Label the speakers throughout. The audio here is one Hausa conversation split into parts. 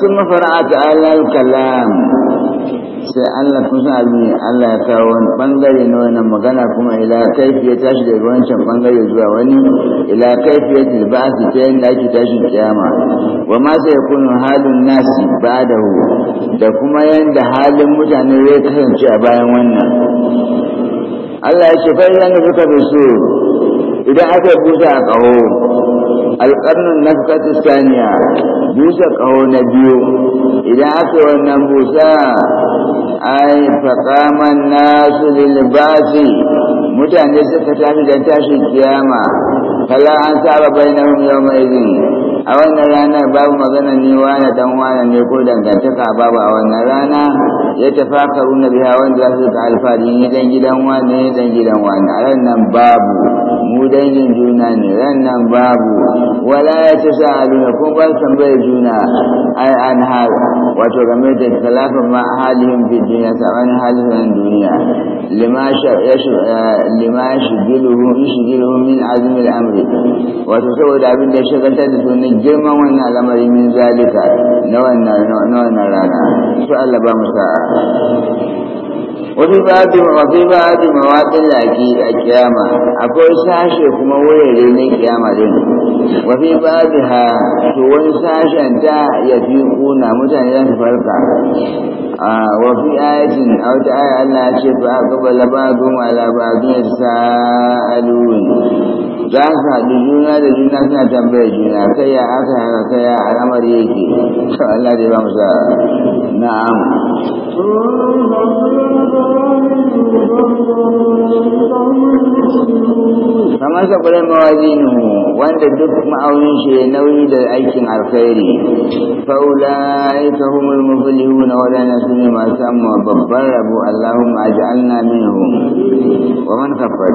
Speaker 1: ثم فرعت على الكلام sai Allah kusa abin Allah ya kawo wani bangare na wannan magana kuma ila kaifi ya tashi daga wancan bangare zuwa wani ila kaifi ya su ta yadda ake tashin kiyama wa ma sai ya kunu halin nasi ba da hu, da kuma yadda halin mutane zai kasance a bayan wannan Allah ya ce yana idan da su idan aka busa a kaho alƙarnin na saniya busa kaho na biyu idan aka yi wannan busa ai faƙaman nasu lilbasi mutane suka tashi don tashin kiyama kala an saba bainahum yawma idin a wannan ranar babu magana ne wane dan wane ne ko dangantaka babu a wannan rana ya tafakaru na biya wanda za su ta alfari ne dan gidan wane ne dan gidan wane a ranar babu mu dangin juna ne ranar babu wala ya ta sa aluna ko ba san bai juna ai an har wato game da talafin ma halin fi duniya sabanin halin duniya lima shi eh, giluhu min azumin amri wato saboda abin da ya shagaltar da sunan girman wannan al'amari min zalika na wannan rana su Allah ba mu sa'a wani babu mafi babu mawaƙin laki a kiyama akwai sashe kuma wurare na kiyama din wafi babu ha to wani sashen ta ya fi kuna mutane zan farka. farka wafi ayatin a wata aya Allah ya ce fa aka bala ba goma ala ba ya sa'alun za su haɗu juna da juna suna tambayar juna kai ya aka yana kai ya alamar yake sau Allah dai ba mu sa na'am kamar sa kuren mu, wanda duk ma'aunin shi ya nauyi da aikin alkhairi faula ita humul na wadanda su ne masu samun babban rabo Allahumma aj'alna minhum wa man kafar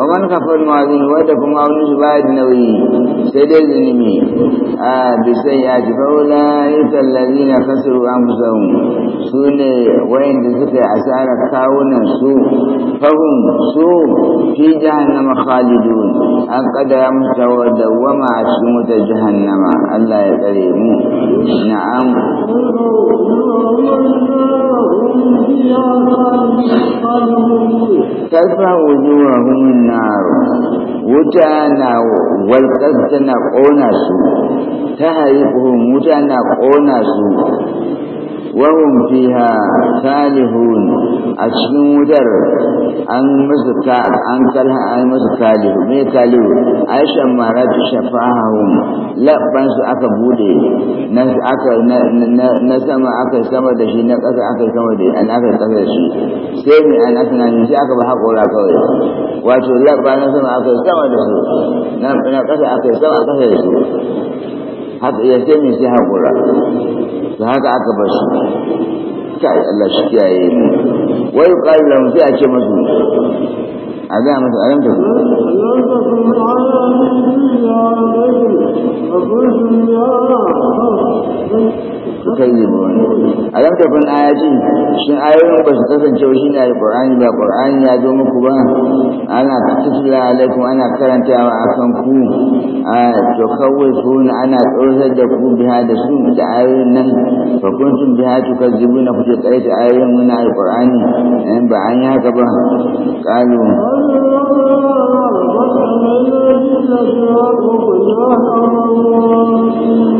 Speaker 1: wa man kafar mawazin wadda kuma wani shi ba da nauyi sai dai zunubi a bisai ya ji faula yi tallari na kasaru an su ne wayanda suka yi asarar kawunan su fahim su fi jahannama khalidun an ya mutu wadda wama a cikin wata jahannama allah ya tsare mu na'am karfa wujuwa hunin naro wuta na walƙar tana ƙona su ta haifu wuta na ƙona su wahum fiha salihun a cikin wutar an musu ka an kalha an musu kalihu me kalihu Aisha, shammara ta shafahum labban su aka bude na aka na sama aka sama da shi na kasa aka sama da an aka ƙasa da shi sai mai an aka na shi aka ba haƙora kawai wato labba na sama aka sama da su na kasa aka sama aka da su haka ya ce mai sai haƙura da haka aka bar su kai Allah shi kiyaye wai kai lam sai a ce musu a ga musu a yanka ku a yan takun ayaci shin ayoyin ba su kasance shi ne alqur'ani ba qur'ani ya zo muku ba ana tutula alaikum ana karantawa kan ku a to kawai sun ana tsorsar da ku biya da su da ayoyin nan fa kuntum biha tukazzibuna kuke tsaye da ayoyin wannan alqur'ani ba an yi haka ba qalu Thank you.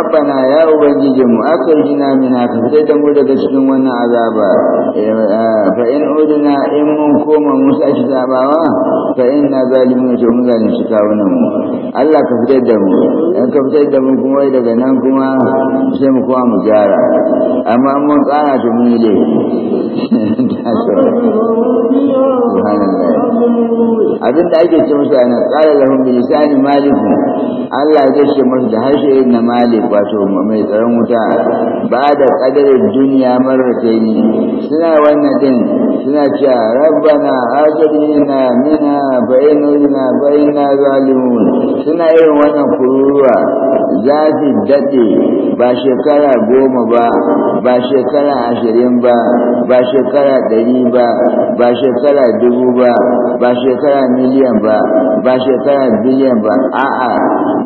Speaker 1: rabbana ya ubangiji mu akhrijna min hadhihi da mu daga cikin wannan azaba fa in udna in mun koma mu sake zabawa fa inna zalimun to mun shi kawunan mu Allah ka fitar da mu in ka fitar da mu kuma daga nan kuma sai mu kuma mu gyara amma mun tsara to mun yi dai abinda ake ce musu ana tsara lahum bi lisani malik Allah ya ce musu da harshe na malik wato mai tsaron wuta ba da kadarin duniya ni suna wannan din suna cewa rabbana ajidna mina bainina inna zalimun suna irin wannan kururuwa zafi dade ba shekara goma ba ba shekara ashirin ba ba shekara ɗari ba ba shekara dubu ba ba shekara miliyan ba ba shekara biliyan ba a'a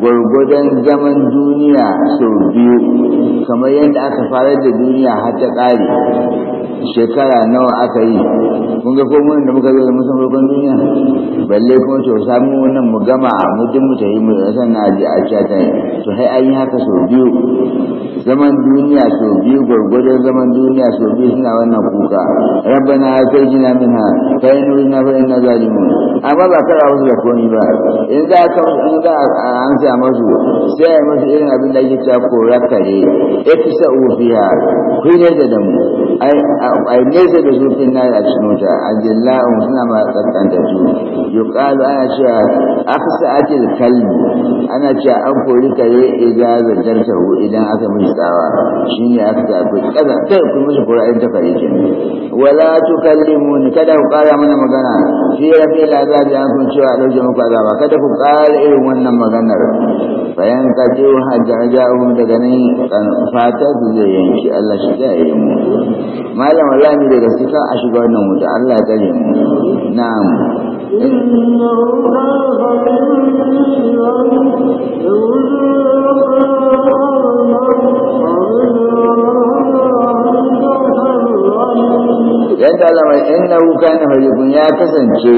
Speaker 1: gwargwadon zaman duniya sau biyu kamar yadda aka fara da duniya har ta ƙari, shekara nawa aka yi kun ga ko da muka zo da musan farkon duniya balle kuma to samu wannan mu gama mu duk mu mu sannan a ji a ta to sai an yi haka sau biyu zaman duniya so biyu gwargwadon zaman duniya so biyu suna wannan kuka rabbana ta yi nuri na bayan na zalimu amma ba kara wasu da komi ba in za a in za a masu sai a yi masu irin abin da yake cewa fi sa'o fiya, kuyi ne da damu ai nesa da su fin nari a cikin wuta suna ma kaskanta su yuqalu ana cewa akhsa atil kalmi, ana cewa an kori kare idan zajarta hu idan aka mishi tsawa shine aka ta ku kaza kai kuma mishi kura in ta kare kin wala tukallimuni kada ku kara mana magana fi rabil azabi an kun cewa ɗauke muku azaba kada ku kara irin wannan maganar bayan ka je hajjaja daga nan fatar zai yanki Allah shi ya yi mu malam Allah ne daga cikin a shiga wannan wuta Allah ya mu na'am yan talamai innahu na fariqun ya kasance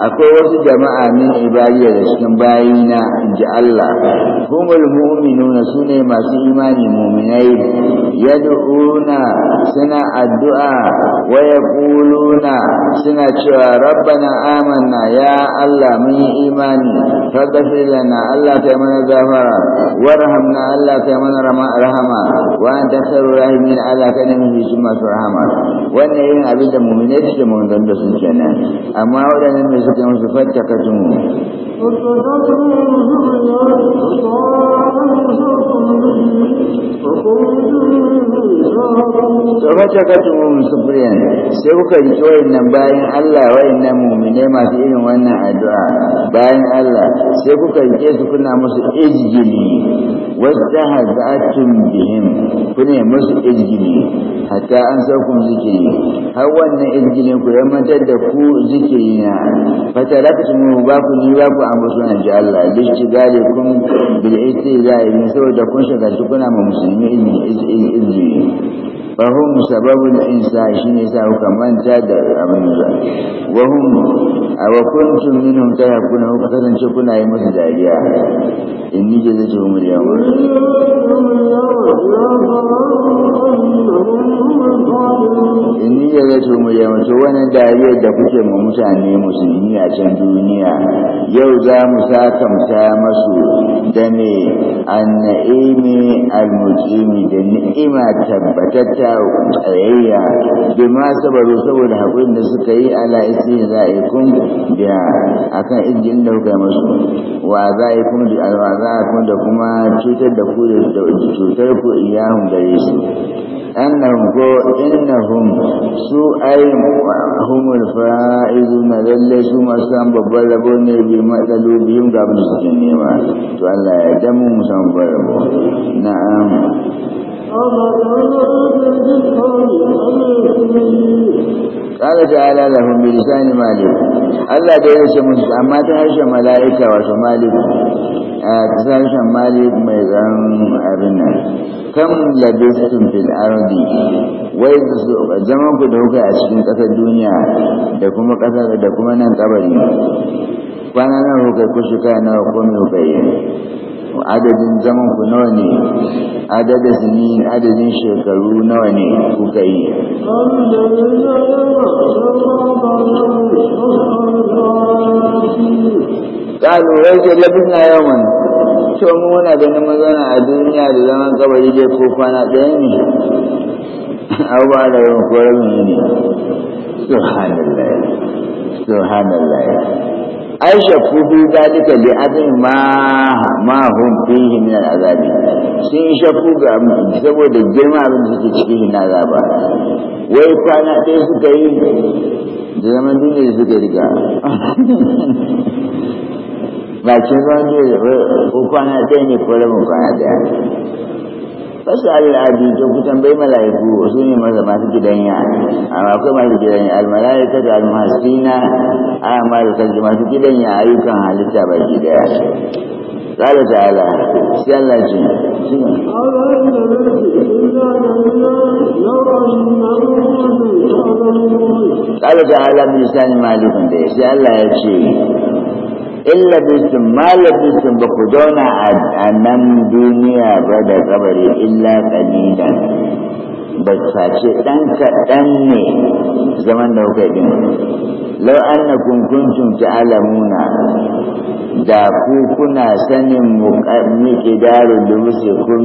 Speaker 1: akwai wasu jama'a min ibadiya da cikin bayina inji Allah humul mu'minuna sune masu imani mu'minai yad'una suna addu'a wa yaquluna suna cewa rabbana amanna ya Allah mun yi imani faghfir lana Allah kai mana gafara warhamna Allah kai mana rahama wa anta khairur rahimin Allah kai ne mun yi masu rahama wannan yin abin da mu'minai suke mun da sun kenan amma wadannan ne suke musu fatta katun
Speaker 2: Tsofaci ka tumo
Speaker 1: musufuriyan sai kuka riki nan. bayan Allah wayannan ne masu irin wannan addu'a bayan Allah sai kuka ji su kuna musu izgili wadda hazatun ku kune musu ejigini hatta an saukun zikiri har wannan ejigini ku ya mantar da ku zikiri na fataraktu mu ba ku ni ba ku ambasu ji Allah lishtigali kun bil'iti za yi saboda kun kun shiga shi kuna ma musulmi ilmi izini fahim sababin insa shi ne sa kuka manta da abin da wahum a wakuntun minhum ta kuna kuka kasance kuna yi musu dariya in ni je zai ce mu yawon ni ya yato mu yamto wani dariyar da kuke mu mutane musulmi a can duniya yau za mu sakamta masu da ne al mujimi da ni'ima tabbatatta tsayayya bi ma sabaru saboda haƙurin da suka yi ala isi za'ikum da akan injin dauka masu wa kun da alwaza da kuma cutar da ku da cutar ku iyahun gare su annahum ko innahum su ai humul na lallai su masu an babbar rabo ne bi matsalo biyun ga abin da suke nema to Allah ya damu mu san babban rabo na'am قال تعالى لهم بلسان مالك الله da ya ce musu amma ta harshen mala'ika wato malik a ta harshen malik mai zan abin nan kam labistum fil ardi wai da zaman ku da kuka a cikin ƙasar duniya da kuma ƙasar da kuma nan kabari kwana nan kuka ku shekara nawa ko me kuka adadin zaman ku nawa ne adadin ne, adadin shekaru nawa ne kuka yi ƙalu rai ce labisna yawan to mu muna ganin mazana a duniya da zaman kabari dai ko kwana ɗaya ne aw ba da yawan koyar ne subhanallah subhanallah ai shakku fi dalika li adin ma ma hum fihi min al'azabi sun shakku ga saboda girma abin da suke cikin na azaba wai kwana ɗaya suka yi da zaman duniya suka riga ba cin zaman duniya ko kwana ɗaya ne ko rabin kwana ɗaya kashi fasalu abinci ku bai mala'iku su ne maza masu gidanya amma akwai masu gidanya almalaika da almasina amal kan masu gidanya ayyukan halitta ba baki daya qala ta'ala sai Allah ji qala ta'ala bi lisan malikun da sai Allah ya ce illa bisin malabisin ba ku zauna a nan duniya ba da kabari illa kalilan ba dan ɗan kaɗan ne zaman da kuka yi lau an na kunkuntun ta alamuna da ku kuna sanin muƙaddiki idaru da wuce kun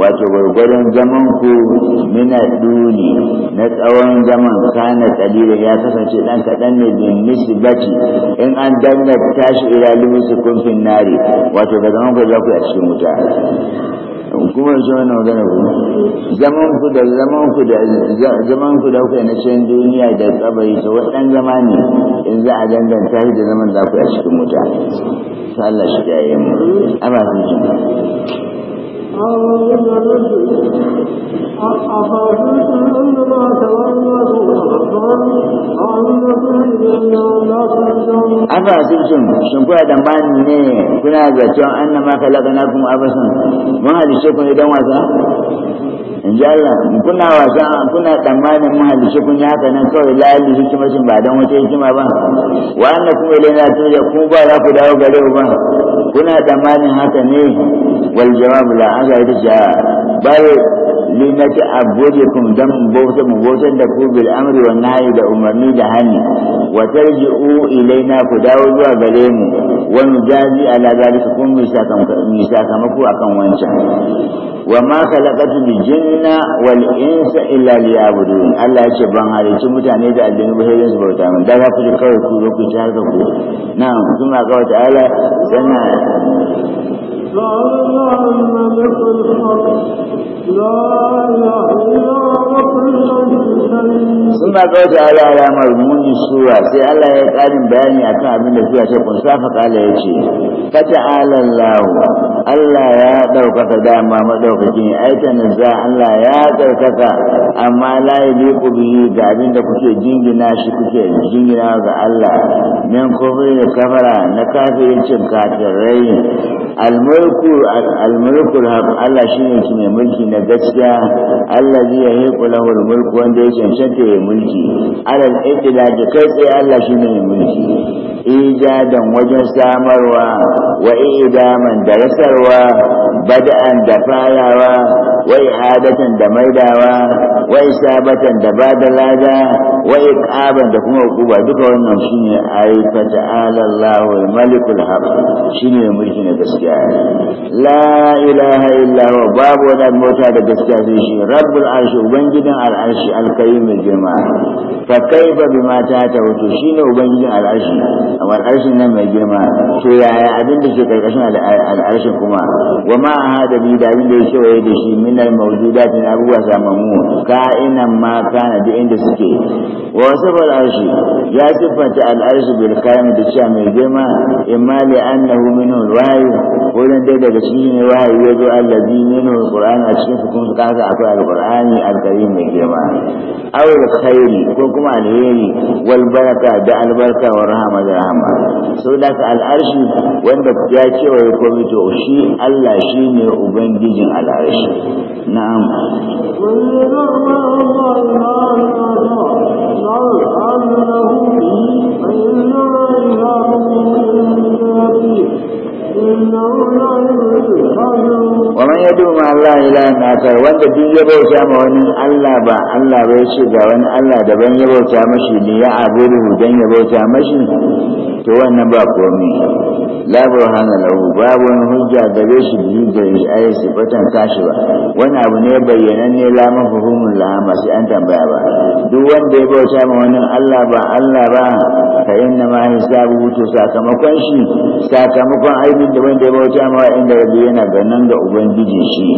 Speaker 1: wato gwargwaron zaman ku mina duni na tsawon zaman kana kalilin ya kasance ka kaɗan ne bin baci in an danna tashi ila lubusu kun finnari wato ga zaman ku za ku a cikin wuta kuma yanzu wani magana kuma? zaman ku da zaman ku da zaman ku da ku na cikin duniya da tsabari ta wadan zama ne in za a danganta shi da zaman za ku a cikin wuta sai Allah shi ya yi mu amma sun ji
Speaker 2: أفرأيتم أن afa
Speaker 1: asibtum shin kuna tambani ne kuna zaton kuma khalaqnakum abasan mun halice kun idan wasa in ji Allah kuna wasa kuna tsammanin mun halice kun yi haka nan kawai lali hikimashin ba don wata hikima ba wa annakum ilaina turja ku ba za ku dawo gare ku ba kuna tsammanin haka ne wal jawab la haka ita ba bal linaji a gode kun don bauta mu bautar da ku bil amri wa nahi da umarni da hani wa tarji'u ilaina ku dawo zuwa gare mu wa nujazi ala zalika kun mu sakamako akan wancan wa ma khalaqatu bil jinna wal insa illa liya'budun Allah yace ban halicci mutane da aljanu ba sai su bauta min da za ku ji kawai ku zo ku ci harka ku na'am kuma ga wata ala sana
Speaker 2: قال الله الملك الحق
Speaker 1: lamma qawta ala ala marmuni sura sai Allah ya karin bayani akan abin da sura ta safa fa kala yace fata ala Allah Allah ya ɗaukaka dama madaukakin aitan za Allah ya ɗaukaka, amma la ku bihi ga abin da kuke jingina shi kuke jingina ga Allah min bai da kafara na kafirin kafirai almulku almulku Allah shine ne mulki na gaskiya Allah zai yahiqu lahu almulku wanda ya cancanta ya mulki mulki alal itilaki kai tsaye Allah shi ne mulki ijadan wajen samarwa wa idaman da rasarwa bada'an da farawa wa i'adatan da maidawa wa isabatan da bada lada wa iqaban da kuma hukuma duka wannan shine ayyuka ta'ala Allahul malikul haq shine mulki na gaskiya la ilaha illa huwa babu wani mota da gaskiya sai shi rabbul arshi ubangijin al'arshi alkarim mai girma fa kaifa bima ta ta wato shine ubangijin al'arshi amma al'arshin nan mai girma to yaya abin da ke karkashin al'arshin kuma wa ma hada bi da abin da ya kewaye da shi minar mawuzi mawjudati na abubuwa samamu ka'inan ma kana duk inda suke wa wasafa al'arshi ya siffanta al'arshi bil kayan da cewa mai girma imma li annahu minhu wurin dai daga cikin ne wahyu ya zo allazi minhu al-qur'an a cikin su kasa akwai al-qur'ani al mai girma Aure alkhairi ko kuma alheri wal baraka da albarka wa rahama da rahama so da ka al arshi wanda ya ce wa ya komi to shi Allah shi ne ubangijin al arshi
Speaker 2: na'am Allah ومن
Speaker 1: يدعو مع الله إلها آخر wanda duk ya bauta ma wani Allah ba Allah ba ya ga wani Allah daban ya bauta mashi ne ya abudu dan ya bauta mashi to wannan ba komi labar hana lahu babu wani hujja gare shi biyu da ai sifatan tashi ba wani abu ne bayyana ne la mafhumun la sai an tambaya ba duk wanda ya bauta ma wannan Allah ba Allah ba ka inna ma hisabu wuce sakamakon shi sakamakon aibin da wanda ya bauta ma inda rabbi yana ganin ga ubangiji shi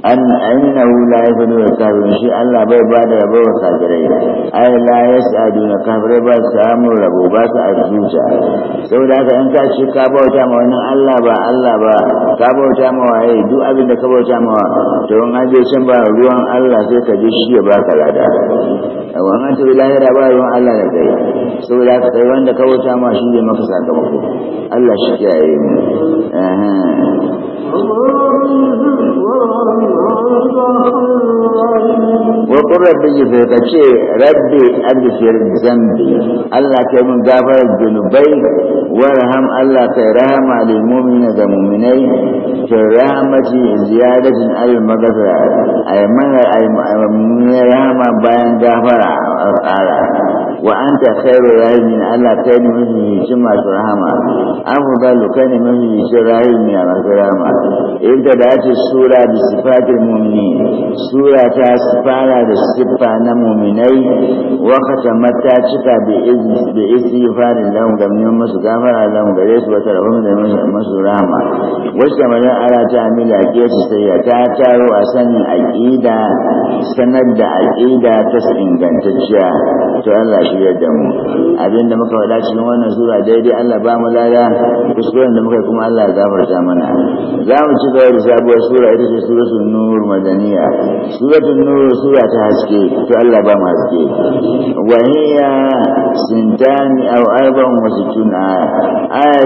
Speaker 1: an ainihu la yafdu wa kafirin shi Allah bai ba da rabo wa kafirai ai la yas'adu kafirai ba su samu rabo ba su arzuta saboda haka in ka ce ka bauta ma wannan Allah ba Allah ba ka bauta ma waye duk abin da ka bauta ma to in an je can ba ruwan Allah sai ka ji shi ya baka lada amma an tafi lahira ba ruwan Allah da kai saboda haka kai wanda ka bauta ma shi ne maka sakamako Allah shi ya yi mu وقل ربي فيك شيء ربي أبصر ذنبي الله كمن غفر ذنوبي mu'minai warham Allah ka rahama lil mu'mina da mu'minai fi rahmati ziyadatin al maghfira ay mana ay rahama bayan gafara ƙara wa anta khairu rahimin Allah ta yi mafi shi masu rahama afdalu kai ne mafi shi rahimin a masu rahama inda da ake sura da sifatil mu'minin sura ta fara da siffa na mu'minai wa khatamat ta cika bi izni bi istighfarin ga da masu musu gafara lahum gare su wata rahama da masu rahama Wasu mazan ara ta amila ke su sai ya ta taro a sanin aqida sanar da aqida ta ingantacciya to Allah shirya da mu abin da muka faɗa cikin wannan sura daidai Allah ba mu lada kuskuren da muka yi kuma Allah ya gafarta mana za mu ci gaba da sabuwar sura ita ce suratul nur madaniya suratul nur sura ta haske to Allah ba mu haske wa hiya sintani aw arba'un wa sittuna aya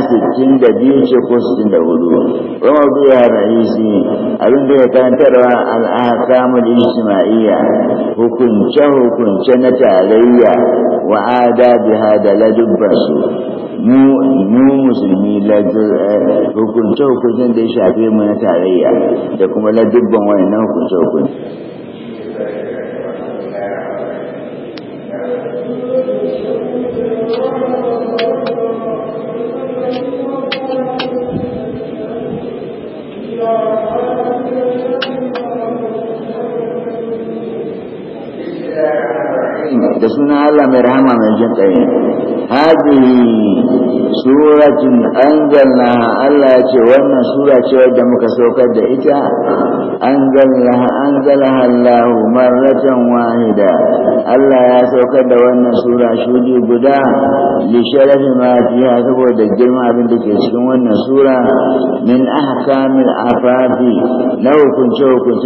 Speaker 1: 62 ce ko 64 wa mawdu'a ra'isi abin da ya karantarwa al-ahkamul ijtima'iyya hukunce hukunce na tarayya wa adabiha da ladubbansu mu musulmi hukunce-hukuncen da ya shafe mu na tarayya da kuma ladubban wayannan hukunce-hukunce Yeah. da no Allah mai rahama هذه سورة أنزلناها الله يتوانا سورة ودى مكسوكة دائتا أنزلها أنزلها الله مرة واحدة الله يسوكة دوانا سورة شودي بدا لشرف ما فيها سبوة الجمع بنتك يسكوانا سورة من أحكام العفاف لو كنت كنت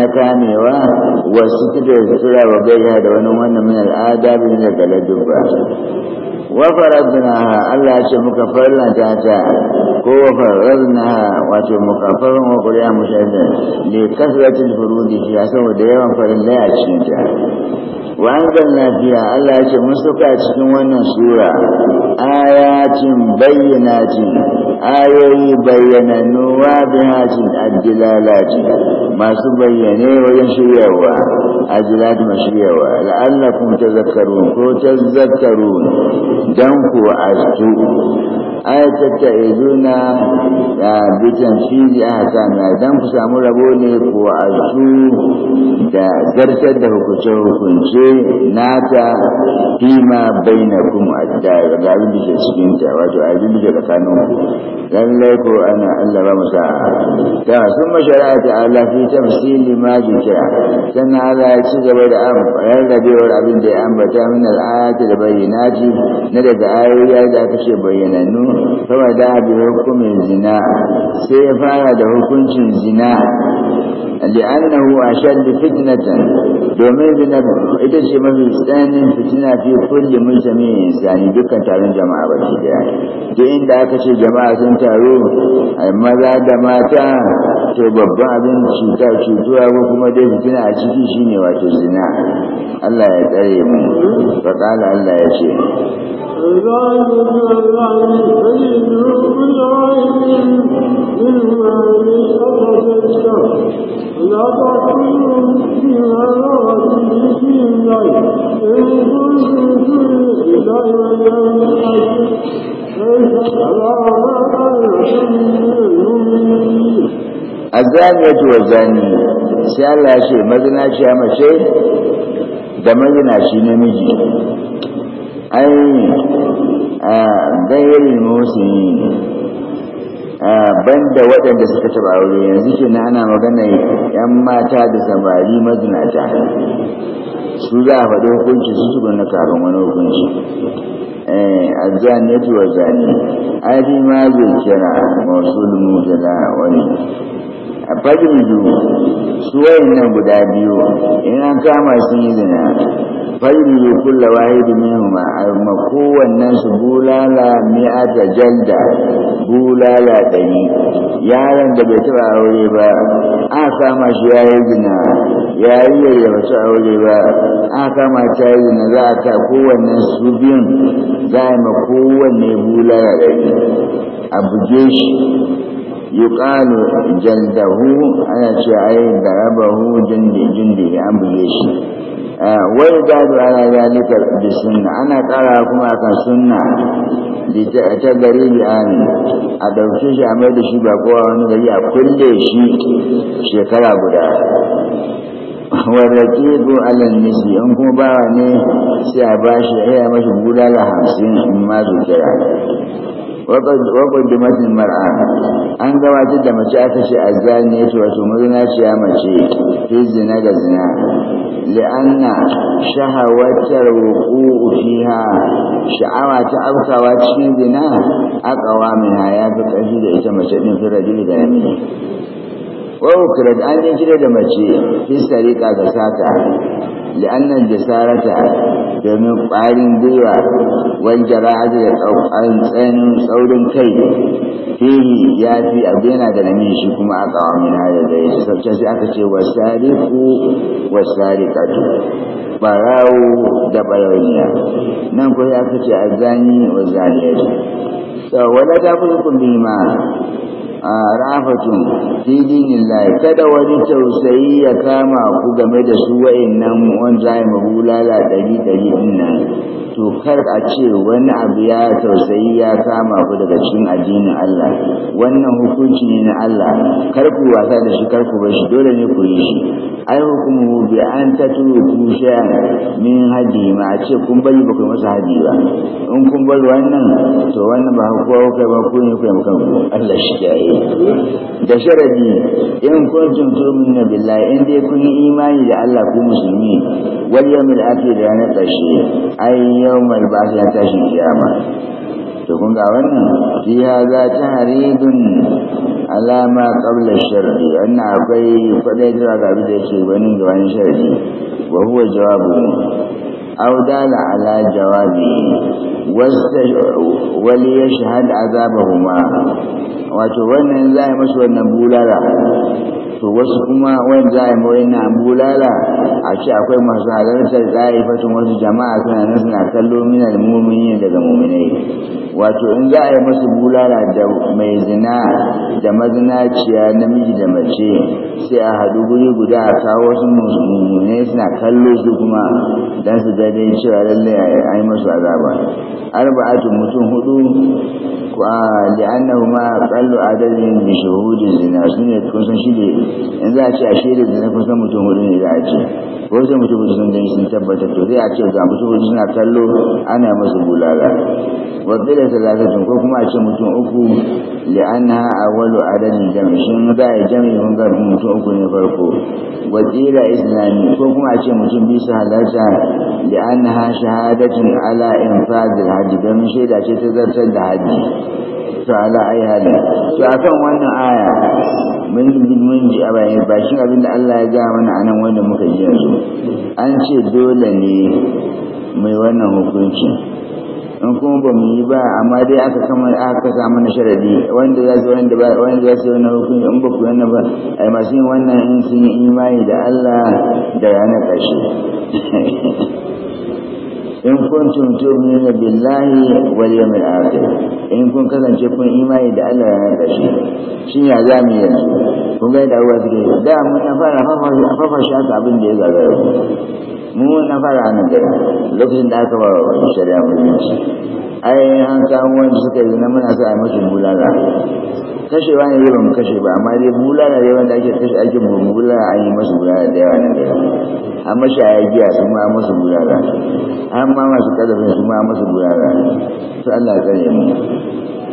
Speaker 1: نكامي وستدر سورة وبيها دوانا من الآداب من الجلد wafara zinaha Allah ya ce muka farla ta ta ko wafara zinaha wato muka farin wa ƙuri'a mushaidar ne kasuwacin furudi shi saboda yawan farin laya cikin ta wanzan lafiya Allah ya ce mun suka cikin wannan sura ayatin bayyana cikin ayoyi bayyanannu wa bihajin ajilalaji masu bayyane wajen shiryawa ajilat mashiryawa la'allakum tazakkarun ko tazakkarun dan ku astu ayar tattaizuna a shi ya a hasana idan ku samu rabo ne ko azu da garkar da hukunce-hukunce nata fima bai na kuma a gari da ke cikin ta wato a yi da tsakanin lallai ko ana allah ba musa ta sun mashara'a ta allah fi tafsili ma jikira sannan allah ya ci gaba da rarrabewar abin da ya ambata min al'ayata da bayyanati na daga ayoyi da aka ce bayyanannu saboda abi hukumin zina sai ya fara da hukuncin zina li'annahu ashadd fitnatan domin zina ita ce mafi tsananin fitina fi kulli mujtami'in insani dukkan taron jama'a ba ce daya duk inda aka ce jama'a sun taru maza da mata wato babban abin cuta cutuwa ko kuma dai fitina a ciki shine wato zina Allah ya tsare mu fa qala Allah ya ce
Speaker 2: Thank you.
Speaker 1: azaniyatu wa zani sai Allah ya ce ya mace da shi namiji ai a gairin ban banda waɗanda suka taɓa aure yanzu ke na ana magana ‘yan mata da samari mazinata su za a faɗi hukunci su su na kafin wani hukunci a zaniyatu wa zani ai ma zai kira masu lumuta da wani A fajiru su wayannan guda biyu in an kama sun yi zina fajiru kulla wahidi A ma kowannen su bulala mi'ata jalda bulala ɗari yaron da bai taɓa aure ba a kama shi ya yi zina yariyar da ba aure ba a kama ta yi zina za a ta kowannen su biyun za a yi ma kowanne bulala ɗari a buge shi yuqalu jaldahu ana ce ai darabahu jindi jindi an buge shi ah, wai da ana zalika bi sunna ana kara kuma akan sunna ta gari bi an a dauke shi a mai da shi ba kowa wani gari a kulle shi shekara guda warrake ko alal nisi in kuma bawa ne sai a bashi ya mashi guda da hamsin in ma zuciya wakon dimashin mar'a an gabatar da mace aka ce a zane ta wato ya mace fi zina da zina li'anna shahawatar wuku fiha sha'awa ta afkawa cikin zina akawa min ya fi ƙarfi da ita mace din fi da namiji an وأكرد أن يجرد مشي في سرقة كساتا لأن الجسارة domin ƙwarin gwiwa wani jara'a da ɗaukan tsanin tsaurin kai fihi ya fi abu yana da namiji shi kuma a ƙawa min hada da ya sauce sai aka ce ku wasariku wasarikatu barawo da barauniya nan kuma aka ce azani wa zaniyatu wala tafriqun a rafatun dinin dinillahi kada wani tausayi ya kama ku game da su wa'annan wanda ya mahulala dari dari nan to kar a ce wani abu ya tausayi ya kama ku daga cikin addinin Allah wannan hukunci ne na Allah kar ku wasa da shi kar ku bar shi dole ne ku yi shi ai hukumu bi an kun sha min haji ma a ce kun bari ba ku masa haji ba in kun bar wannan to wannan ba kowa kai ba ku ne ku yi ku? Allah shi ya yi da sharadi in kuntum tu'minu billahi in dai kun yi imani da Allah ku musulmi wal yawmil akhir ranar ƙarshe ai yau mai ba ya tashi kiyama to kun ga wannan fi hadha tahridun ala ma qabla shar'i anna akwai kwadai zuwa ga abin da yake wani gaban shar'i wa huwa jawabu aw dala ala jawabi wali yashhad azabahuma wato wannan zai mashi wannan bulala to wasu kuma wani za a yi na bulala a ce akwai masu halartar fatan wasu jama'a suna nan suna kallo mina da mumini daga muminai wato in za a yi masu bulala da mai zina da mazinaciya namiji da mace sai a haɗu guri guda a kawo wasu muminai suna kallo su kuma don su daidai cewa lallai a yi masu azaba arba'atu mutum hudu li'annahu ma qallu adadin bi shuhudi zina sune kun san shi in za a ce a shirin da na kusan mutum hudu ne za a ce ko sai mutum hudu sun gani sun tabbatar to zai a ce za mutum hudu suna kallo ana masu bulala wadda da talatatun ko kuma a ce mutum uku da li'anna awwalu adadin shi ne za a yi jami kun ga mutum uku ne farko wadda islami ko kuma a ce mutum biyu su halarta li'anna shahadatun ala Fadil hajji domin shaida ce ta zartar da hajji su ala ayi hali to akan wannan aya mun mun ji a bayan abin abinda Allah ya ga mana anan wanda muka ji yanzu an ce dole ne mai wannan hukunci in kuma ba mu yi ba amma dai aka kama aka samu na sharadi wanda za su wanda ba wanda za su yi wannan hukunci in ba ku wannan ba ai masu yin wannan in sun yi imani da Allah da ranar ƙarshe in kuntum tu'minuna billahi wal yawmil akhir in kun kasance kun imani da Allah ya kashi shin ya za mu yanzu kun ga da uwa suke da mun na fara fafa shi haka abin da ya gagara mu na fara nan da lokacin da aka ba shari'a musulunci ai an samu wanda suka yi, na muna sa a masu bulala Kashe ba ne zai ba mu kashe ba amma dai bulala dai wanda ake kashe ake bulala an yi masu bulala da yawa na gari an mashaya giya su ma masu bulala an ma masu kadafin su ma masu bulala su Allah ya tsare mu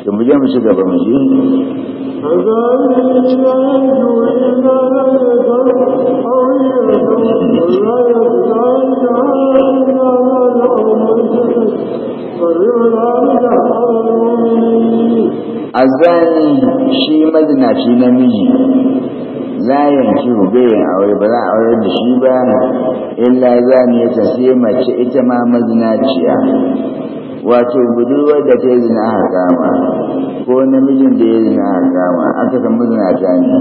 Speaker 1: to mu je mu ci gaba mu ji
Speaker 2: فذلك
Speaker 1: azani shi mazinaci namiji la yanki bai aure ba za a aure da shi ba illa zani ya tafi mace ita ma mazinaciya wato budurwar da ta yi zina a kama ko namijin da ya yi zina a kama aka san mazinaciya ne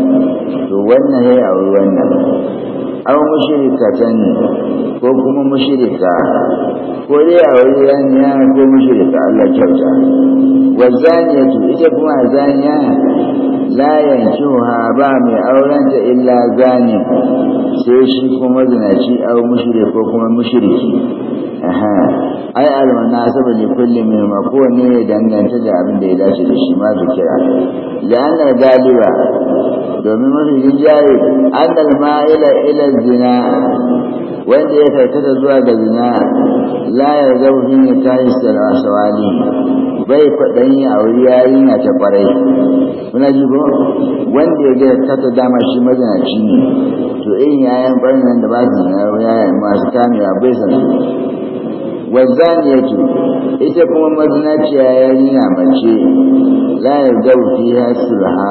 Speaker 1: to wannan ya yi aure wannan aw mushrikatan ko kuma mushrika ko dai a wani zaniya ko mushrika Allah kyauta wa zaniyatu ita kuma zaniya la yankihuha ba mai auren ta illa zani sai shi kuma zinaci aw mushrik ko kuma mushriki aha ai almana saboda ne kulli mai ma kowanne ne danganta da abin da ya dace da shi ma zikira ya annar galiba domin mafi rinjaye annal ma'ila ila ila zina wanda ya karkata zuwa ga zina la yarda fi ne ta yi sawali bai kwaɗan yin aure ya yi na ta ƙwarai suna ji ko wanda ya gina ta dama shi mazinaci ne to irin yayan ɓarnan da ba su na yayan masu kamewa bai ya ce, ita kuma mazinaciya a mace la ya gauti ya sulha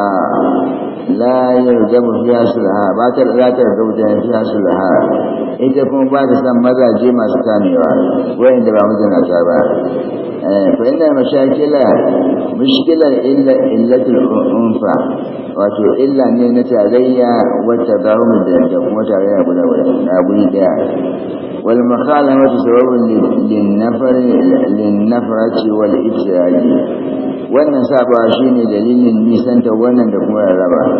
Speaker 1: la yalzamu fiha sulha ba ta za ta zauja fiha sulha ita kuma ba ta mazaje masu kamewa wayanda ba mazinata ba fa inna mashakila mushkilar illa illatul unfa wato illa ne na tarayya wata gawun da kuma tarayya guda guda guri daya wal makhalamatu sababun lin wannan sabawa shine dalilin nisan ta wannan da kuma raba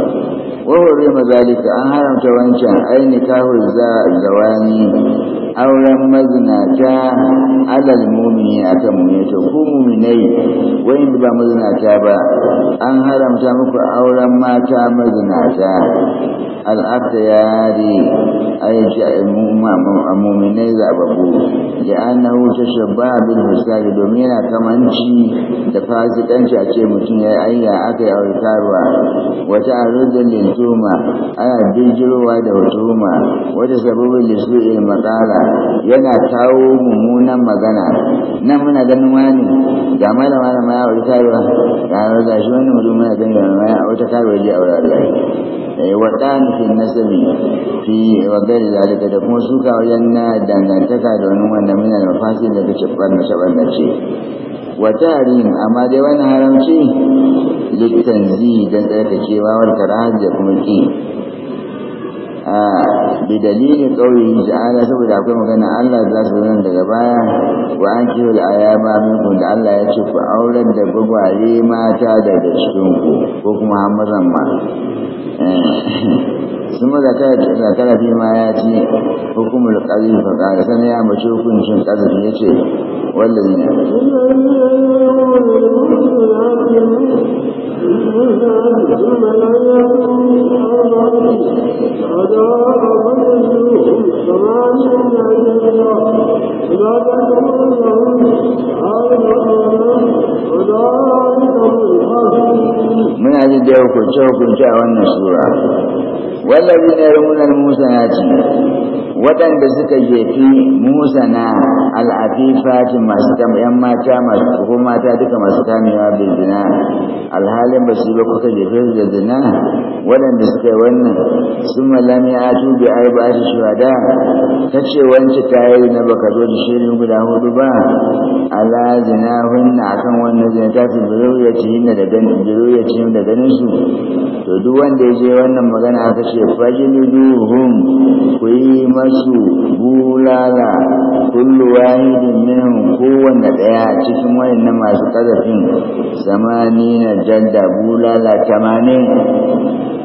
Speaker 1: wahore mazalika an haramta wancan aini kahul zawani auren mazinata alal mumini akan ko to ku muminai wa'inda ba mazinata ba an haramta muku auren mata mazinata a al'akayari ai muminai zababu da annahu tashabba bil fasadi domin yana kamanci da fasikanci a ce mutum ya yi ayya aka yi aukarwa wata arudin lintuma ana bijirowa da hutuma wata sababin lissu'il makala yana kawo mummunan magana nan muna ganin wani ga malama da maya wata karuwa ga shi wani mutum muna ganin wani a wata karuwa ji a wurare fi nasabi fi wa zalika da kuma suka wajen na dangantaka da wani wanda muna da fasin daga cikin ce. wa tarihin amma dai wani haramci littan zi don tsarkakewa wal karaha da kuma ki bi dalilin ƙauyen ta'ala saboda akwai magana Allah za su nan daga baya wa an kiyo da ayaba minku da Allah ya ce ku auren da gwagware mata daga cikin ku ko kuma mazan ma eh, sun ma zakara fi ma ya ci hukumar ƙarfi fa ƙara sannan ya mace hukuncin ƙarfi ya ce wallazina muna jin da hukunce-hukunce a wannan sura wallabi na rumunan musana ce waɗanda suka jefi musana al'afifatin masu 'yan mata masu ko mata duka masu kamewa bai zina alhalin ba su kuka jefe su da zina waɗanda suka yi wannan sun malami a tubi ai ba shi shuhada ta ce wancan ta yi na baka zo da shirin guda hudu ba ala zina hunna akan wannan zina ta fi zuriya cihin da ganin da ganin su to duk wanda ya je wannan magana aka ce fajini duhum ku yi masu bulala kullu wahidin minhum kowanne ɗaya cikin wayannan masu kazafin na mujalla bulala tamanin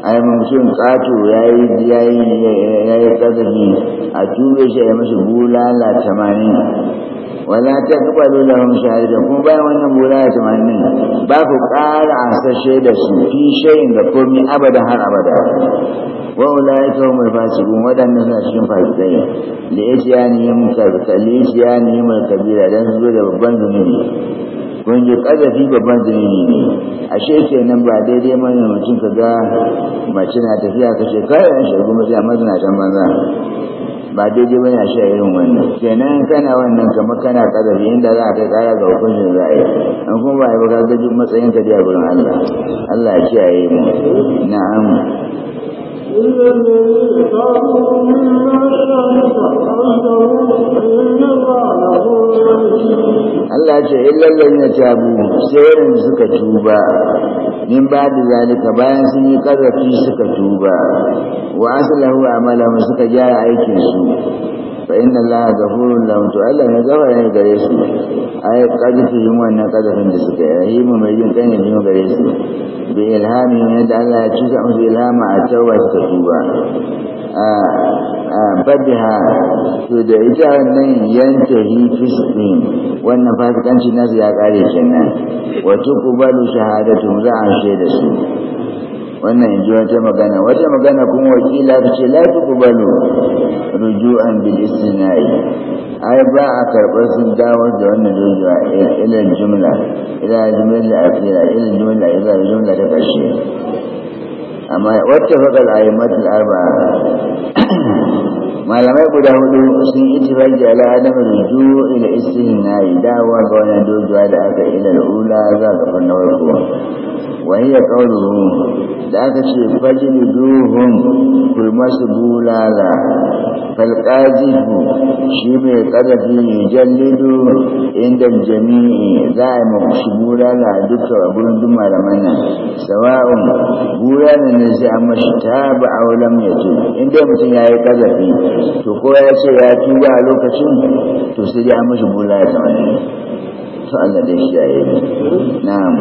Speaker 1: ai mutum kato ya yi ƙazafi a ture shi ya musu bulala tamanin wala ta mun lahun da kuma bayan wannan bulala tamanin ba ku ƙara sashe da su fi shayin da komi abada har abada wa ulai ka mai fasikun, wadannan suna cikin fasikai da yake yani yin kabira dan su da babban zunubi wanda ji ƙazafi babban jini ne ashe kenan ba daidai mana mutum ka ga mace na tafiya ka ce kai an shirgu mace amma suna can banza ba daidai ba ya sha irin wannan kenan kana wannan kamar kana ƙazafi inda za a kai ƙara ga hukuncin za a yi an kuma ba a yi ba ka gaji matsayin ka biya gurin Allah Allah ya kiyaye mu na'am
Speaker 2: إلا الذي خافوا مما
Speaker 1: Allah ce illallah tabu sai suka tuba in ba da zalika bayan sun yi karrafi suka tuba wa asalahu amala suka gyara aikin su fa inna allaha ghafurun lahum to Allah ne gawara ne gare su ai kadisu yin wannan kadafin da suka yi rahimu mai jin kan yin gare su bi ilhami yadda Allah ya ci musu a tauba ta tuba a badiha to da ita wannan yanke hifisti wannan fasikanci nasu ya kare kenan wa tuqbalu mu za a da su wannan yanzu wata magana wata magana kuma wakila ta ce ku tuqbalu ruju'an bil istina'i ai ba a karɓar sun dawo da wannan ruju'a ilin jumla ila jumla akhira ilin jumla ila jumla ta ƙarshe amma wata fagal ayyamat al-arba'a malamai guda hudu sun itibari ala adamin ruju ila istihna'i dawa ga wani dojuwa da aka ila ula za ka fanna warko wani ya kauluhu da aka ce fajiri duhun su bulala falƙajihu shi mai ƙarfi ne jallidu inda jami'i za a yi makushi bulala duka a gurin duk malaman nan sawa'un bulala ne sai an mashi ta ba a wulan inda mutum ya yi ƙarfi to ko ya ce ya tuba a lokacin to sai dai mashi bula ya tsamani to Allah dai shi ya yayi na'am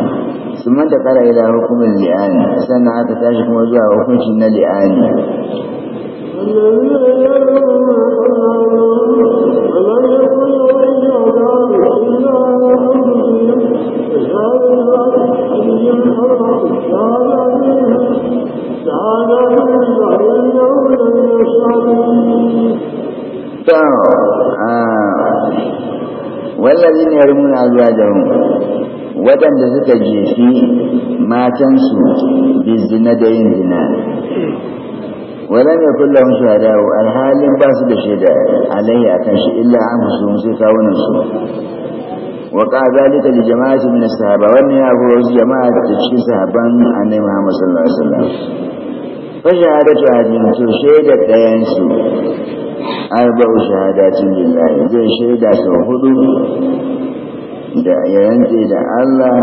Speaker 1: sun manta kara ila hukumin li'ani sannan aka tashi kuma zuwa hukuncin na li'ani
Speaker 2: Thank you. to
Speaker 1: wallazi ne da azwajahum waɗanda suka jefi matansu bi zina da yin zina wala ne kullum su dawo, alhalin ba su da shaida alayhi kan shi illa an su sai kawunan su wa ka zalika li jama'ati min sahaba wannan ya ga wasu jama'a da cikin sahaban annabi Muhammad sallallahu alaihi wasallam fa shahadatu hadin to shaida arba'u shahadatin lillahi zai shaida sau hudu da ya yanke da Allah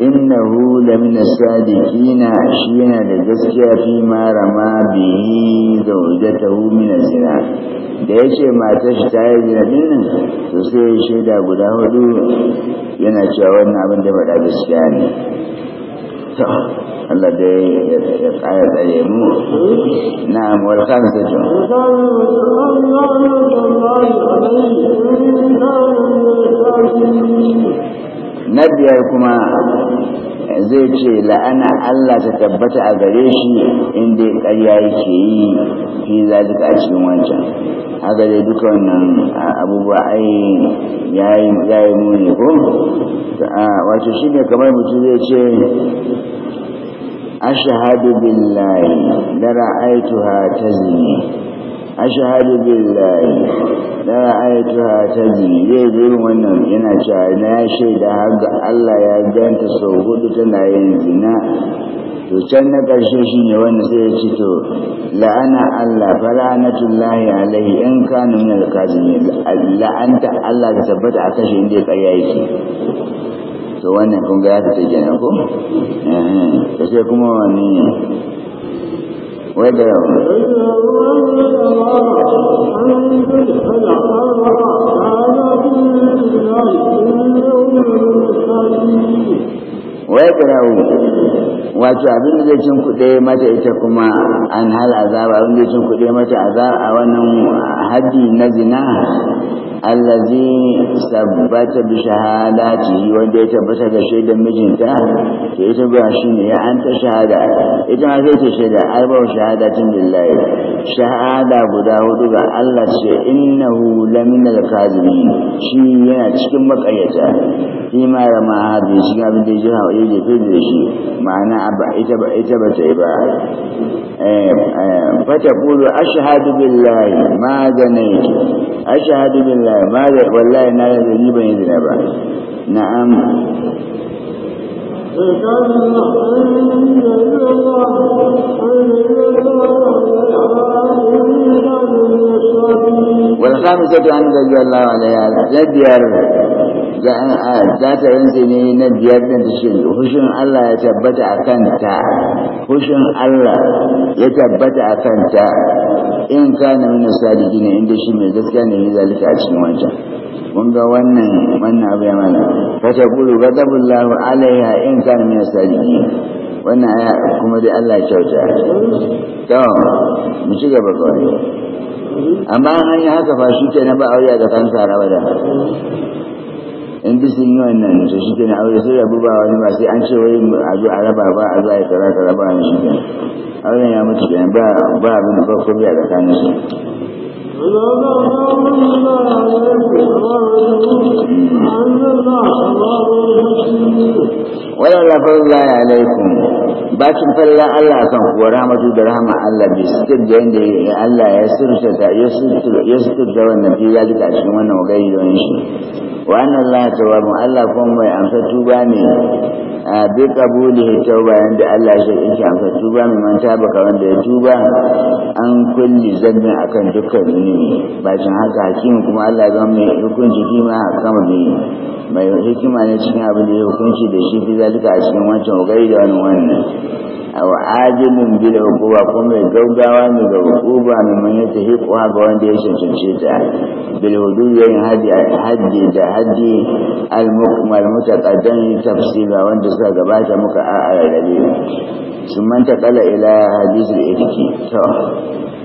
Speaker 1: innahu as sadiqina shi yana da gaskiya fi ma rama bihi zawjatahu min zina da yace matar shi ta yi zina din nan to sai shaida guda hudu yana cewa wannan abin da faɗa gaskiya ne Allah da ya ƙara tsare mu na mawalka da sai tun
Speaker 2: na biyar kuma
Speaker 1: zai ce la'ana Allah ta tabbata a gare shi inda ya ƙarya yake yi fi zalika a cikin wancan a dai duka wannan abubuwa ai ya yi muni ko ah, wato shi ne kamar mutum zai ce أشهد بالله لرأيتها تزني ashahadu billahi da ra'ayatuha tajri wannan yana cewa na shaida har ga Allah ya ganta sau hudu tana yin zina to na ƙarshe shine ne wanda sai ya ci to la'ana Allah faranatullahi alaihi in kanu min alkazimin la'anta Allah da tabbata a kashe inda ya ƙarya yake to wannan kun ga ya fita kenan ko eh, to sai kuma wani wai da yau wai da yau wato abin da zai cin kuɗe mata ita kuma an hal azaba abin da cin kuɗe mata azaba a wannan haddi na zina allazi sabbata bi shahadati wanda ya tabbata da shaidan mijinta to ita ba shi ne ya an ta shahada ita ma zai ta shaida arba shahadatin billahi shahada guda hudu ga Allah ce innahu lamina al-kadibin shi yana cikin makayyata shi ma ya ma da shi abin da ya jefa da shi ma'ana ba ita ba ita ba ta yi ba fata kulu ashhadu billahi ma zanaiti ashhadu billahi ma zai wallahi na yanzu ni ban yi zina ba na'am
Speaker 2: والخامسة
Speaker 1: أن تجعل الله عليها لا بيار za ta rantse ne na biyar ta shirya. hushin Allah ya tabbata a kanta hushin Allah ya tabbata a kanta in ka na nuna sadiki ne inda shi mai gaskiya ne zalika a cikin wancan mun ga wannan wannan abu ya mana fata bulu gadabullahu alaiha in ka na nuna sadiki wannan aya kuma dai Allah ya kyauta to mu ci gaba kawai amma an yi haka fashi ke na ba auya da kansa da in duk sun yi wannan to shi ke aure sai ya buba wani ba sai an ce wai a zo a raba ba a zo a yi kaza kaza ba wani shi ke auren ya mutu ba ba abin ba kuma ya tsakanin su wadanda falla alaikum bakin falla Allah kan kuwa rahmatu da rahama Allah bai sitir da yadda Allah ya sirta ta ya sitir da wannan ya zalika cikin wannan magani da wani shi wa anna Allah tawabu Allah kuma mai amsa tuba ne a bi kabuli tauba yadda Allah ya shi yake amsa tuba mai manta baka wanda ya tuba an kulli zanni akan dukkan hakimi ne bacin haka hakimi kuma Allah ya mai hukunci kima a kama bi mai hikima ne cikin abin da hukunci da shi fi zalika a cikin wancan gari da wani wannan aw bi da hukuba kuma mai gaugawa ne ga hukuba mai manyan ta ga wanda ya cancance ta bilhudu hudud yayin haji da haji al mukmal tafsi tafsila wanda suka gabata muka a arabe sun manta kala ila hadisul idiki to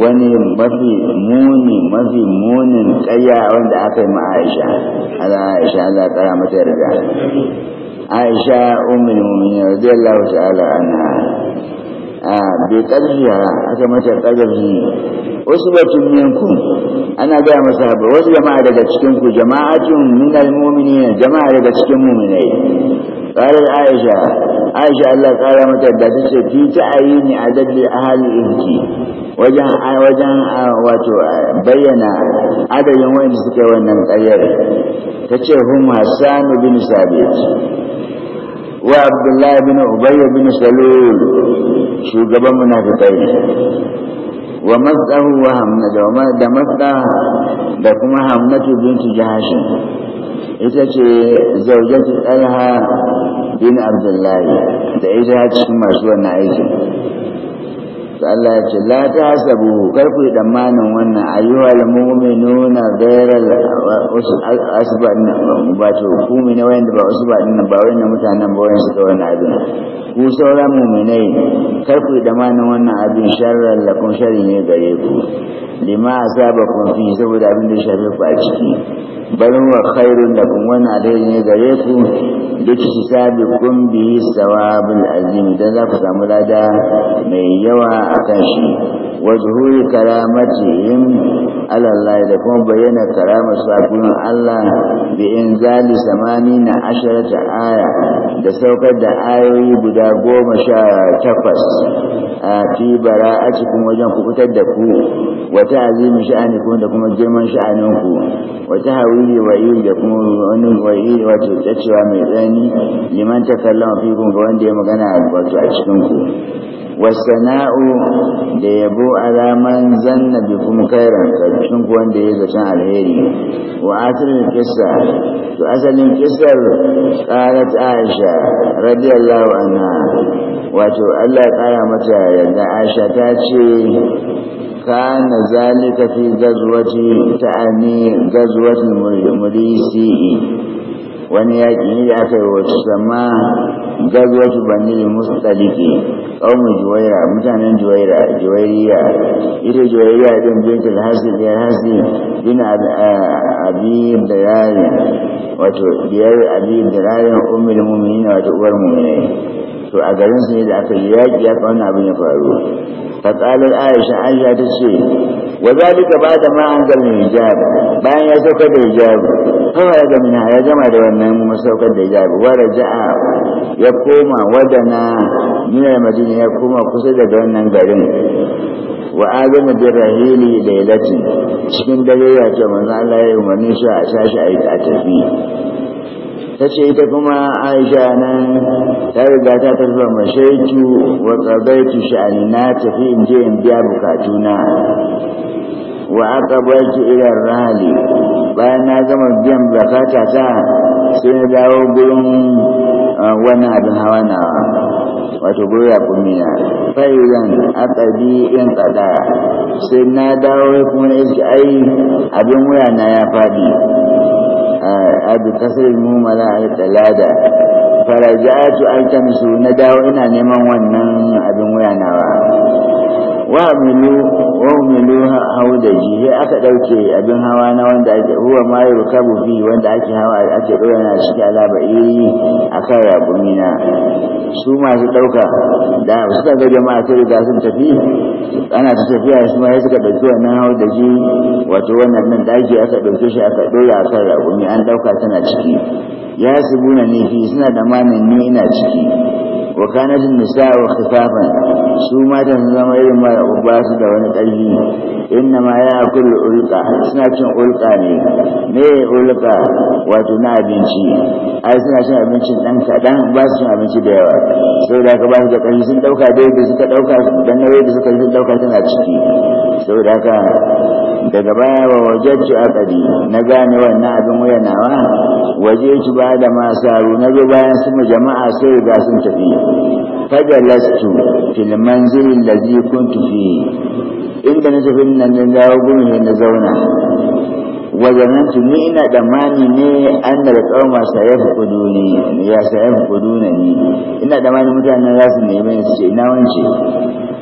Speaker 1: wani mafi muni mafi munin ƙarya wanda aka yi ma aisha ala aisha ala kara mata yarda aisha ummin mu'minin radiyallahu ta'ala ana a bi ƙarfiya aka mata ƙarfi wasu batun yanku ana gaya masa ba wasu jama'a daga cikin ku jama'atun minal mu'minin jama'a daga cikin mu'minai ƙarar aisha aisha allah ƙara mata da ta ce fi ta ayi ni a dalli ahalinki wajen wajen wato bayyana adadin wanda suke wannan ƙaryar ta ce hum hassan bin sabit wa abdullah bin ubayy bin salul shugaban munafiqai wa mazahu wa hamna da mazda da kuma hamnatu binti jahashin ita ce zaujatu talha bin abdullahi da ita ya cikin masu wannan aikin Allah ya ce la ta hasabu karfi ku tsammanin wannan ayyuhal mu'minuna ghairal asban ba to ku mu wayan da ba usba din nan ba wayan mutanen ba wayan su da wannan abin ku sauran mu'minai kar ku tsammanin wannan abin sharran lakum sharri ne gare ku lima asabakum fi saboda abin da ya shafe ku a ciki balin wa khairun da kun wani alheri ne gare ku duk hisabi kun bihi sawabul azim za ku samu lada mai yawa akan shi wa zuhuri karamatihim ala da kuma bayyana karamar sakun Allah bi zali samani na asharata aya da saukar da ayoyi guda goma sha takwas a tibara a cikin wajen kukutar da ku wata azimin sha'ani kuma da kuma girman sha'anin ku wata hawi al'azizi wa iri da kuma wani wa iri wato tsacewa mai tsani liman ta kallon fikun ga wanda ya magana wato a cikin ku wasana'u da yabo alaman zanna bi kuma kairan cikin ku wanda ya zaton alheri wa asirin kissa to asalin kissar qalat aisha radiyallahu anha wato Allah ya kara mata yadda aisha ta ce kana zalika fi gazwati ta'ani gazwatul al-murisi'i wani yaƙi ne da aka yi wasu sama gazwatu musu mustaliki ƙaunin juwaira mutanen juwaira juwairiya ita juwairiya ɗin bintul hasi biyar hasi bin abi da rarin wato biyar abi da rarin umar mummina wato uwar mummina to a garin su ne da aka yi yaƙi ya wannan abin ya faru fatsalar aisha aisha ta ce wa zalika ba da ma an gani hijab bayan ya saukar da hijab kawai ya gami na ya gama da wannan masaukar da hijab wa raja'a ya koma wadana minar madina ya koma kusa daga wannan garin wa azama dirahili rahili lailati cikin dare ya ce manzo Allah ya yi umarni shi a shashi a yi tafi ta ce ita kuma aisha nan ta riga ta tafi mashaitu wa tsabaitu sha'ani na tafi in je in biya bukatuna wa aka baki ilar rali bayan na gama biyan bukata ta sai na dawo gurin wani abin hawa na wato gurin kumina fa'ilan aka bi in kada sai na dawo kuma iska ai abin wuya na ya faɗi abu kasar mu mala'ika lada farajatu an na dawo ina neman wannan abin waya nawa wa milu wa milu hauda ji aka dauke abin hawa na wanda ake huwa mai rukabu fi wanda ake hawa ake dora na shi ala ba'i akan rabumina su masu ɗauka da suka ga jama'a ta riga sun tafi ana ta tafiya su ma suka ɗauki wannan hau da ji wato wannan nan daki aka ɗauke shi aka doya akan kan an ɗauka tana ciki ya su buna ne fi suna da manin ni ina ciki wa jin nisa wa khifafan su matan zama irin ma ba su da wani ƙarfi innama ya kulle ulka suna cin ulka ne me ulka wato na abinci ai suna cin abincin dan kaɗan, ba su cin abinci da yawa Sau da haka ba su da ƙarfi sun ɗauka dai da suka dauka dan nauyi da suka sun ɗauka tana ciki Sau da haka daga baya wa wajacci akadi na gane wannan abin wayanawa waje ci ba da masaru na zo bayan su mu jama'a sai ga sun tafi Fajar fajalastu fil manzilin ladhi kuntu fi inda na tafi nan na dawo gumi ne na zauna wajen ni ina damani ne an daga tsawon sayar kudu ne ya sayar kudu ne ina damani mutanen za su nemi su ce ina wance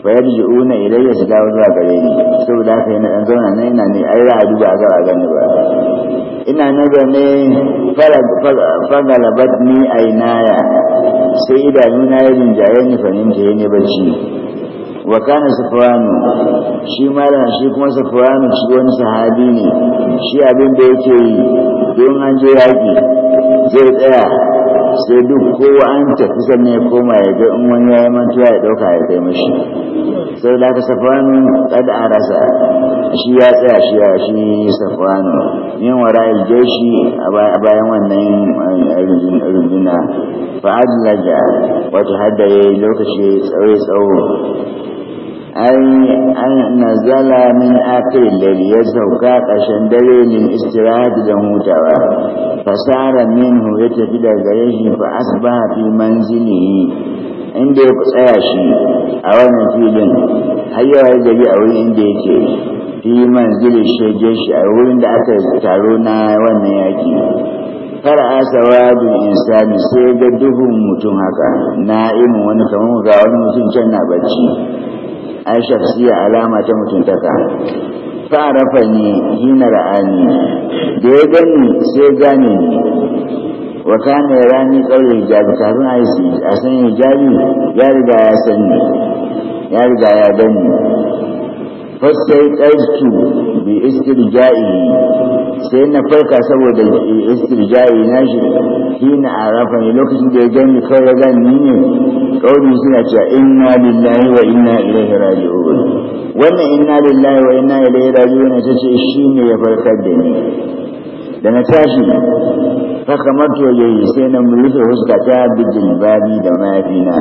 Speaker 1: bayar ji una ilayya su dawo zuwa gare ni saboda haka yana dan zauna na ina ne ai ra'adu ba ga a gani ba ina na ne fagalabat ni ainaya sai na ya rinjaye ni fahimta ya ne bacci wa kana safwanu shi malam shi kuma safranu shi wani sahabi ne shi abin da yake yi don an je yaki zai tsaya sai duk kowa an tafi ya koma ya ga in wani ya yi ya ɗauka ya kai mashi sai da aka safwanu kada a shi ya tsaya shi ya shi safwanu yin wara ya shi a bayan wannan runduna fa'adlaja wata hadda ya yi lokaci tsawo tsawo an nazala min akirin da ya sauka ƙashen dare min istirahat da hutawa fasara minhu ya tafi da gare shi fa asbaha fi manzilihi inda ya tsaya shi a wannan filin har gari a wurin inda yake fi manzilin shege shi a wurin da aka taro na wannan yaki fara sawadin insani sai ga duhun mutum haka na'imin wani kamar ga wani mutum can na bacci aisha shafsiya alama ta mutuntaka rafa ni hina ra'ani da ya gani sai gane ni wa kana rani qawli hijabi kafin a yi a san hijabi ya riga ya san ya riga ya gani fastaiqaitu bi ja'i sai na farka saboda ja'i na shi na arafa ne lokacin da ya gani kawai ya gani ni ne kauli suna cewa inna lillahi wa inna ilaihi raji'un wannan inna lillahi wa inna ilaihi raji'un ta ce shi ne ya farkar da ni da na tashi ta kamar toyoyi sai na rufe huska ta bijin babi da mayafina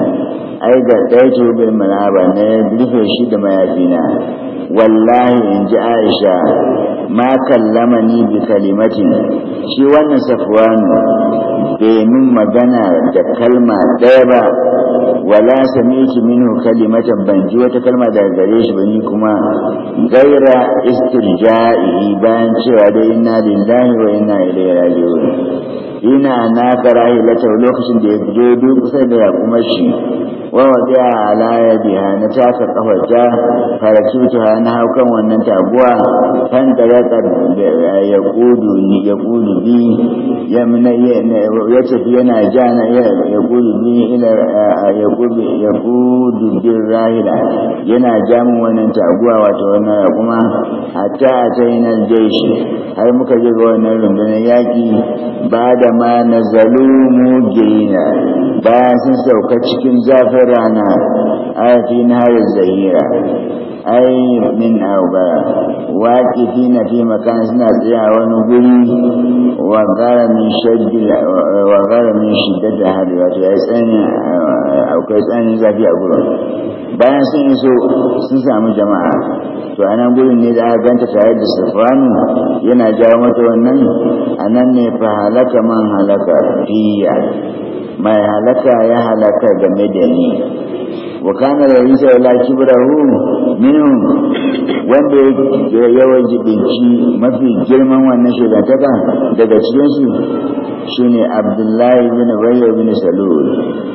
Speaker 1: ai ga ɗaya ce bin malaba na rufe shi da mayafina wallahi in ji aisha ma kallama ni bi kalimatin shi wannan safwanu bai min magana da kalma ɗaya ba wala samiki minhu kalimatan ban ji wata kalma daga gare shi bani kuma gaira istirja'i bayan cewa dai inna lillahi wa inna ilaihi raji'un ina na karahi latar lokacin da ya fito duk kusa da ya kuma shi wa waje ala ya biya na taka kafar ta faratu ha na kan wannan taguwa kan da ya ya kudu ni ya kudu bi ya mina ya tafi yana ja na ya kudu bi ila ya kudu ya kudu bi rahila yana jamu wannan taguwa wato wannan ya kuma hatta a ta yi nan har muka je ga wannan rundunar yaki ba da ma na zalu mugina bayan sun sauka cikin zafin rana a fi na zahira ai min hauba waki fi na fi makan suna tsaye a wani guri wa gara min shidda da hali wato ya tsanin akwai tsanin zafi a gurin bayan sun yi so sun samu jama'a to a nan gurin ne da aka ganta tare da safanu yana jawo mata wannan a nan ne fa halaka man halaka fiya mai halaka ya halaka game da ni wa kana da sai la kibrahu min minhum wanda ya yawan jibinci mafi girman wannan shugantaka daga cikinsu shi ne abdullahi bin rayyar bin salul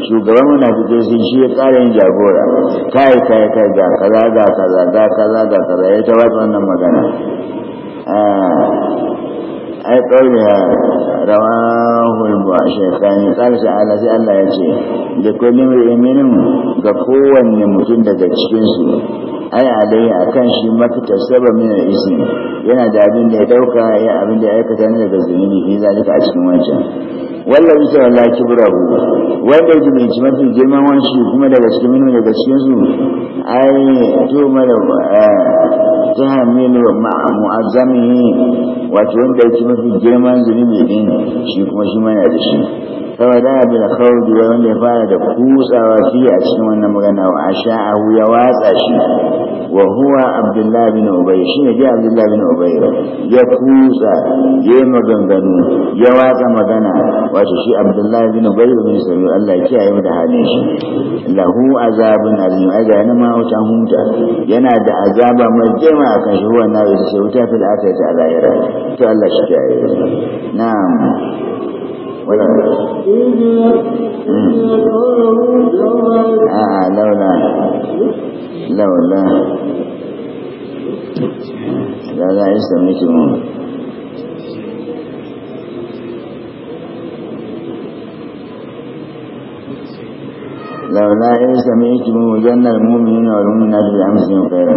Speaker 1: shugaban fito sun shi ya ƙara yin jagora kai kai kai ga kaza ga kaza ga kaza ga kaza ya ta wannan magana ah, ai rawa hulun ba shekani ƙarshe ala sai Allah ya ce da kullum ri'iminin ga kowanne mutum daga cikinsu dai a kan shi mafita saba mina ismi yana da abin da ya dauka ya abin da ya aikata ne daga zunubi ne zalika a cikin wancan wallahi ta wallahi hu wanda zubinci mafi girman wanshi kuma daga cikin minu daga cikin su ai to mala eh, ta hamilu ma wato wanda yake mafi girman zunubi din shi kuma shi mana da shi kawai da saboda bil khawdi wanda ya fara da kusawa fi a cikin wannan magana wa a sha'ahu ya watsa shi wa huwa abdullahi bin ubay shi ne ji abdullahi bin ubay ya kutsa, ya maganganu ya watsa magana wace shi abdullahi bin ubay bin sami Allah ya kiyaye da halin shi lahu azabun azim aga yana ma wata hunta yana da azaba mai jama akan shi huwa na yasa sai wuta fil akhirati a lahira to Allah shi kiyaye na'am wala a laula laula da za a yi sami mu لولا إن سمعتم جن المؤمنين والمؤمنات بأمسهم خيرا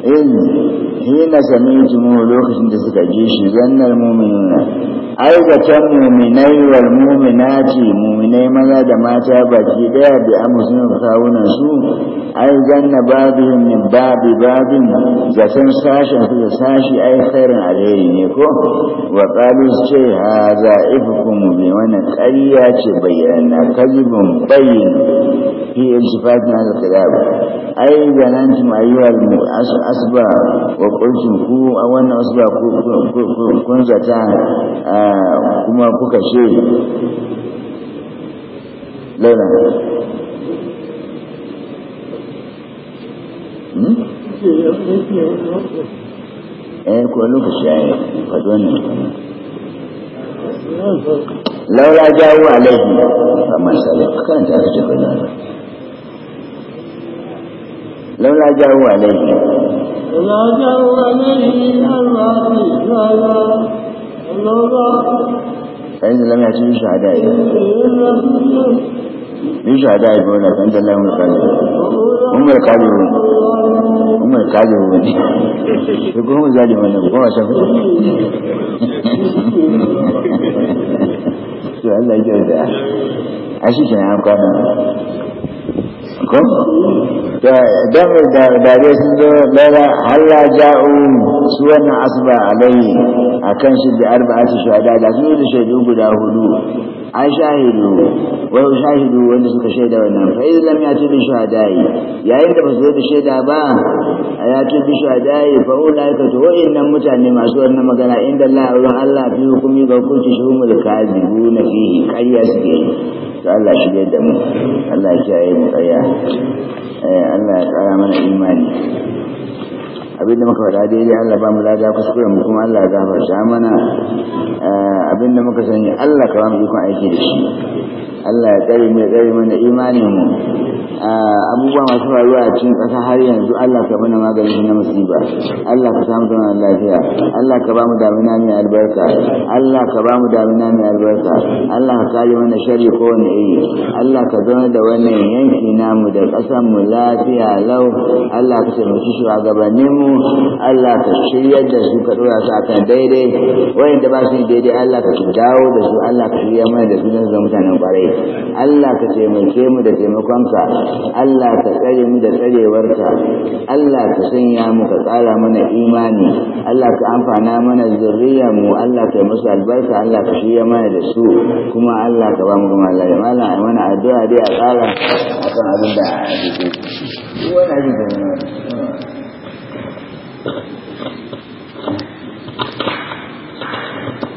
Speaker 1: in hina sami jimu lokacin da suka ji shi zannar mu'minuna ai mu'minai wal mu'minati mu'minai maza da mata baki daya bi amsun kawunan su ai zanna babin min babi da zaton sashen su da sashi ai khairin alheri ne ko wa qalu ce haza ifkum bi wani ƙarya ce bayyana kazibun bayyin fi na al-qiyam ai zanantum ayyuhal mu'asir asuba wa kuntum ku a wannan asba kun zata kuma kuka she launa hmm? eh, lokaci ya yi jawo karanta aka laula jawo alaihi
Speaker 2: laula jawo alaihi Allah
Speaker 1: فإذا لم يأتوا بشهداء بشهداء يقولون فأنت اللهم الكاذبون هم الكاذبون هم الكاذبون يقول هم الظالمون هم شافوا سؤال لا يجوز أشي شنو ko da dan da da dai sun zo lalla halla ja'u su wannan asba alai akan shi da arba'ati shuhada da su da shaidu guda hudu ai shahidu wa shahidu wanda suka shaida wannan fa idan lam yati bi shahadai yayin da ba su da shaida ba ayati bi shahadai fa ulaika to wa'annan mutane masu wannan magana inda Allah wurin Allah fi hukumi ga hukunci shi humul kadibuna fihi ƙarya suke to Allah shi da mu Allah ya kiyaye mu Eh Allah ya ƙara mana imani abinda muka faɗa daidai Allah ba mu lada kuskuren mu kuma Allah ya gafarta mana eh, abinda muka sani Allah ka ba mu ikon aiki da shi Allah ya tsare mu ya tsare mana imanin mu abubuwa masu faruwa a cikin ƙasa har yanzu Allah ka mana maganin na musiba Allah ka samu zaman lafiya Allah ka ba mu damina mai albarka Allah ka ba mu damina mai albarka Allah ka kare mana sharri wani iri Allah ka zama da wannan yanki namu da ƙasar mu lafiya lau Allah ka taimaki gabanin mu Allah ka shiryar da su ka dora su akan daidai wayanda ba su daidai Allah ka dawo da su Allah ka shirya mana da su zama mutanen ƙwarai Allah ka taimake mu da taimakonka Allah ka tsare mu da tsarewarka Allah ka sanya mu ka tsara mana imani Allah ka amfana mana zuriyar mu Allah ka musu albarka Allah ka shirya mana da su kuma Allah ka ba mu kuma Allah malam a mana addu'a dai a tsara akan
Speaker 2: abin da ake wani abin da ne